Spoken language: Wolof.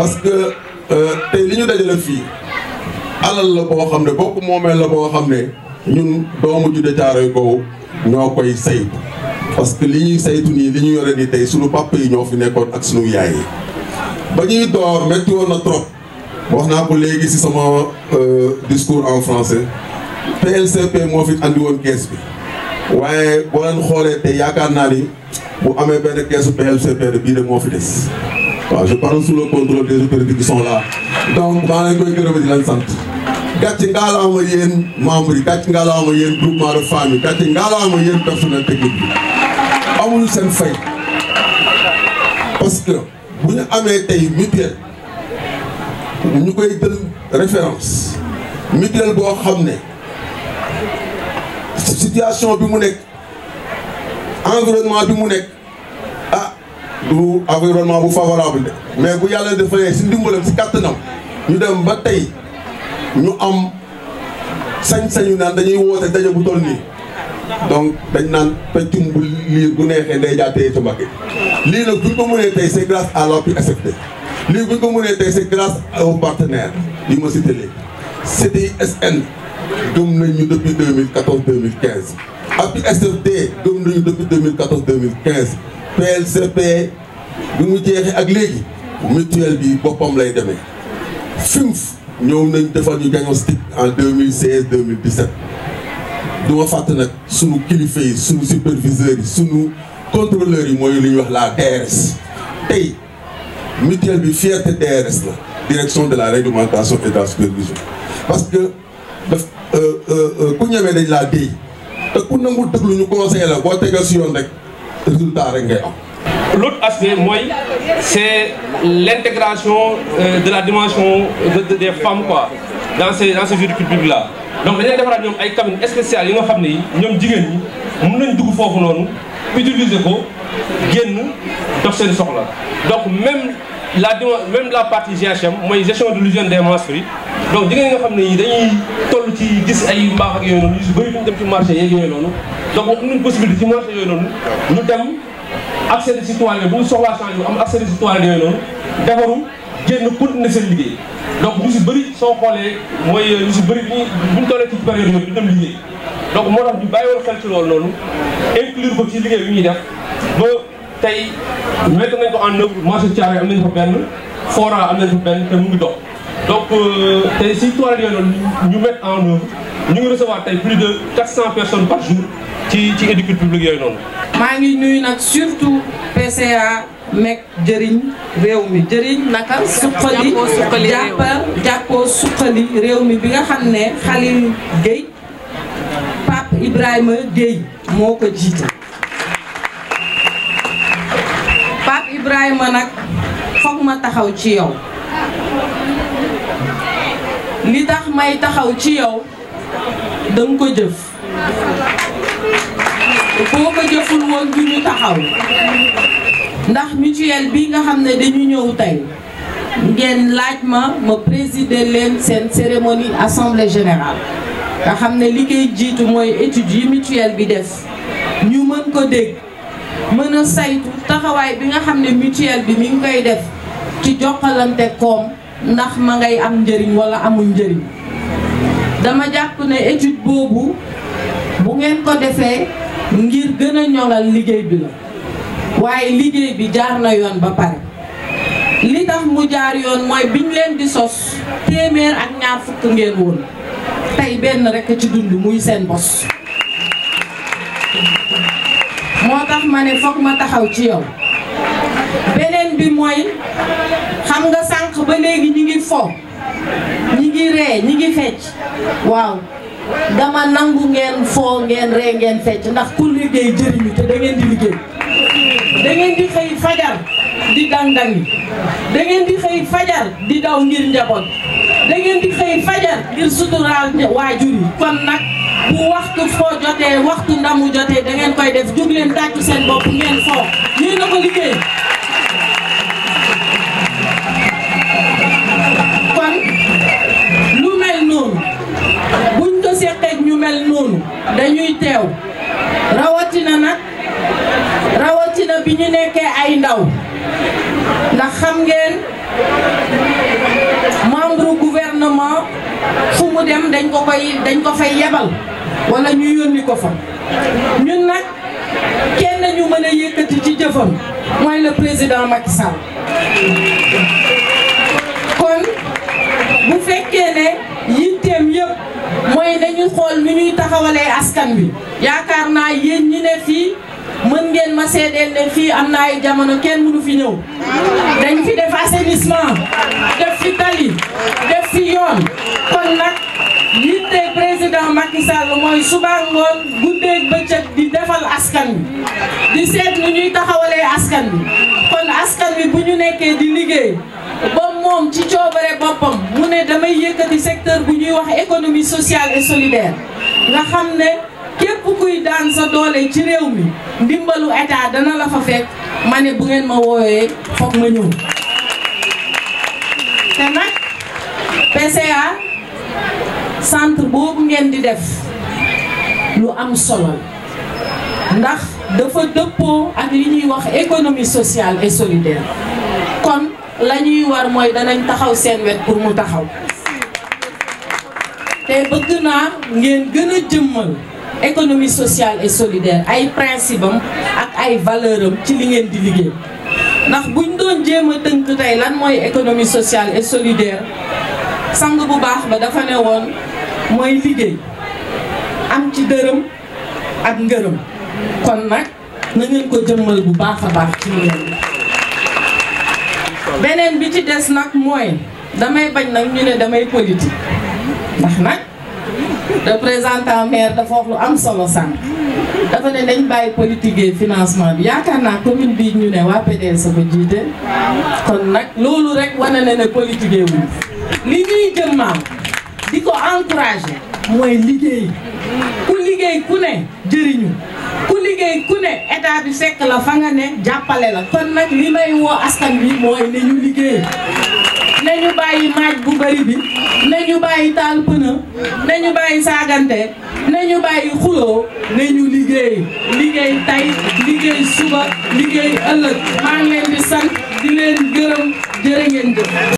parce que euh, tey li ñu dajale fii alal la boo xam ne bokk moomeel la boo xam ne ñun doomu judde caaroy kaw ñoo koy saytu parce que li ñuy saytu nii li ñu yore nii tey suñu papa yi ñoo fi nekkoon ak sunu yaay yi ba ñuy door métti na trop wax naa ko léegi ci sama euh, discours en français PLCP moo fi andi woon kees bi waaye boo leen xoolee te yaakaar naa ni bu amee benn keesu PLCP de bii de moo fi des waa je parle sous le contrôle des autorités qui sont là donc maa ngi koy gërëm di leen sant gàcce ngaalaama yéen membres yi gàcce ngaalaama yéen groupement de femmes yi gàcce ngaalaama yéen personnel technique bi amuñu seen fay parce que bu ñu amee tey mutuelle ñu koy jël référence mutuelle boo xam ne situation bi mu nekk environnement bi mu nekk du environnement bu favorable de mais bu yàlla defalee si ndimbalam si kàttanam ñu dem ba tey ñu am sañ-sañu naan dañuy woote daje bu toll nii donc dañ naan peccum bu liir bu neexee day jaatee ci Mbàkke lii nag buñ ko mënee tey c'est grâce à l'appui accepté lii buñ ko mënee tey c'est grâce aux partenaires yi ma cité léegi CTI/SN gëm nañ ñu depuis 2014 2015 appui accepté gëm nañu depuis 2014 PLCP bi mu jeexee ak léegi mutuelle bi boppam lay demee FIMF ñëw nañ defal ñu diagnostic en 2016 2017 du ma fàtt nag sunu kilifa yi sunu superviseurs yi sunu contrôleurs yi mooy lu ñuy wax la DRS tey mutuelle bi fierté DRS la direction de la réglementation et de la supervision parce que daf euh, euh, euh, ku ñemee dañ laa déy te ku nangul dëglu ñu conseil la boo tegal si yoon rek résultat rek ngay am. L'autre aspect, c'est l'intégration euh, de la dimension de, de, des femmes quoi, dans ces, dans ces public-là. Donc, yi nga xam cabines spéciales, nous avons des gens nous avons des gens utiliser ko génn dox seen soxla donc même la même la partie GHM mooy gestion de l'hygiène des menstrues donc jigéen nga xam ne yi dañuy toll ci gis ay mbaax ak yooyu noonu yu bëri ñu dem ci marché yeeg yooyu noonu donc am nañu possibilité ci marché yooyu noonu ñu dem accès de citoyen bu soxlaa changement am accès de citoyen yooyu noonu defaru génn continuer seen liggéey donc ñu si bëri soo xoolee mooy ñu si bëri bi bu ñu tollee ci période yooyu du dem liggéey donc moo tax ñu bàyyi woon xel ci loolu noonu inclure ko ci liggéey bi ñuy def ba tey mettre nañ ko en œuvre marché Thiaroye am nañ fa benn fora am nañ fa benn te mu ngi dox donc euh, tey si toile yooyu noonu ñu mettre en œuvre ñu ngi recevoir tey plus de 400 personnes par jour ci ci éducation publique yooyu maa ngi nuyu nag surtout PCA MEC jëriñ réew mi jëriñ naka suqali jàppa jàppoo suqali réew mi bi nga xam ne Khalil Gueye Pape Ibrahima Gueye moo ko jiite. Pape Ibrahima nag foog ma taxaw ci yow li tax may taxaw ci yow danga ko jëf. boo ko jëful woon du ñu taxaw ndax mutuelle bi nga xam ne dañu ñëw tey ngeen laaj ma ma présider leen seen cérémonie assemblée générale nga xam ne li koy jiitu mooy étude yi mutuelle bi def ñu mën ko dégg mën a saytu taxawaay bi nga xam ne mutuelle bi mi ngi koy def ci jokkalante koom ndax ma ngay am njëriñ wala amul njëriñ dama jàpp ne étude boobu bu ngeen ko defee ngir gën a ñoŋal liggéey bi la waaye liggéey bi jaar na yoon ba pare li tax mu jaar yoon mooy biñ leen di sos téeméer ak ñaar fukk ngeen woon tey benn rekk ci dund muy seen bos moo tax ma ne foog ma taxaw ci yow beneen bi mooy xam nga sànq ba léegi ñi ngi fo ñi ngi ree ñi ngi fecc waaw dama nangu ngeen foo ngeen ree ngeen fecc ndax ku liggéey jëriñu te da ngeen di liggéey da ngeen di xëy fajar di dang-dang ngeen di xëy fajar di daw ngir njaboot da di xëy fajar ngir suturaal waajur yi kon nag bu waxtu foo jotee waxtu ndamu jotee da ngeen koy def jóg leen tàccu seen bopp ngeen foo yéen a ko liggéey bi ñu nekkee ay ndaw ndax xam ngeen membre gouvernement fu mu dem dañ ko koy dañ ko fay yebal wala ñu yónni ko fa ñun nag kenn ñu mën a ci jëfam mooy le président Macky Sall kon bu fekkee ne yitteem yëpp mooy nañu xool nu ñuy taxawalee askan bi yaakaar naa ñi ne fii ma seedeel leen fii am na ay jamono kenn mënu fi ñëw dañ fi def assainissement def fi tali def fi yoon kon nag yitte président Macky Sall mooy suba ngoon guddeeg bëccëg di defal askan bi di seet nu ñuy taxawalee askan bi kon askan bi bu ñu nekkee di liggéey ba moom ci coobare boppam mu ne damay yëkkati secteur bi ñuy wax économie sociale et solidaire nga xam ne doole ci réew mi ndimbalu état dana la fa fekk ma ne bu ngeen ma wooyee foog ma ñëw te nag PCA centre boobu ngeen di def lu am solo ndax dafa dëppoo ak li ñuy wax économie sociale et solidaire kon la ñuy war mooy danañ taxaw seen wet pour mu taxaw te bëgg naa ngeen gën a jëmmal économie sociale et solidaire ay principe ak ay valeur ci li ngeen di liggéey ndax buñ doon jéem a tënk tey lan mooy économie sociale et solidaire sang bu baax la dafa ne woon mooy liggéey am ci dërëm ak ngërëm kon nag na ngeen ko jëmmal bu baax a baax ci ngeen beneen bi ci des nag mooy damay bañ nag ñu ne damay politique ndax nag représentant maire dafa wax lu am solo sànq dafa ne nañ bàyyi politique financement bi yaakaar naa commune bii ñu ne waa PDS ko jiite kon nag loolu rek wane na ne politique wuñ li ñuy jëmmaam di ko encouragé mooy liggéey ku liggéey ku ne jëriñu ku liggéey ku ne état bi sekk la fa nga ne jàppale la kon nag li may woo askan bi mooy ne ñu liggéey nañu bàyyi maaj bu bari bi nañu bàyyi taal pënë nañu bàyyi saagante nañu bàyyi xuloo ñu liggéey liggéey tay liggéey suba liggéey ëllëg maa ngi di sant di leen gërëm jërë ngeen